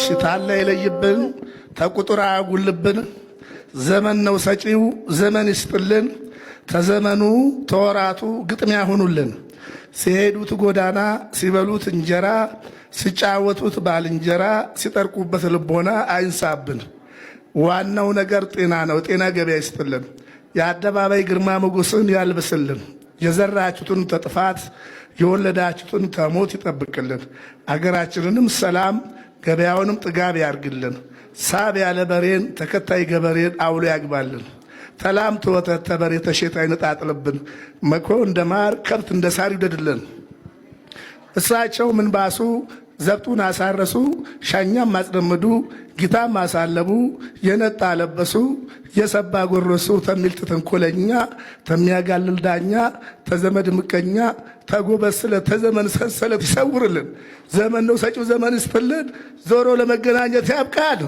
ሽታለ የለይብን ተቁጥር አያጉልብን ዘመን ነው ሰጪው ዘመን ይስጥልን ተዘመኑ ተወራቱ ግጥሚያ ሆኑልን ሲሄዱት ጎዳና ሲበሉት እንጀራ ሲጫወቱት ባልንጀራ ሲጠርቁበት ልቦና አይንሳብን። ዋናው ነገር ጤና ነው። ጤና ገበያ ይስጥልን። የአደባባይ ግርማ ሞገስን ያልብስልን። የዘራችሁትን ተጥፋት የወለዳችሁትን ተሞት ይጠብቅልን። አገራችንንም ሰላም ገበያውንም ጥጋብ ያርግልን። ሳብ ያለ በሬን ተከታይ ገበሬን አውሎ ያግባልን። ተላምቶ ወተት በሬ ተሸጣ ይነጣጥልብን። መኮ እንደ ማር ከብት እንደ ሳር ይውደድልን። እሳቸው ምንባሱ ዘብጡን አሳረሱ፣ ሻኛም አጽረምዱ፣ ጊታም አሳለቡ፣ የነጣ አለበሱ፣ የሰባ ጎረሱ፣ ተሚልት ተንኮለኛ፣ ተሚያጋልል ዳኛ፣ ተዘመድ ምቀኛ፣ ተጎበስለ ተዘመን ሰንሰለት ይሰውርልን። ዘመን ነው ሰጪው ዘመን ይስጥልን። ዞሮ ለመገናኘት ያብቃል።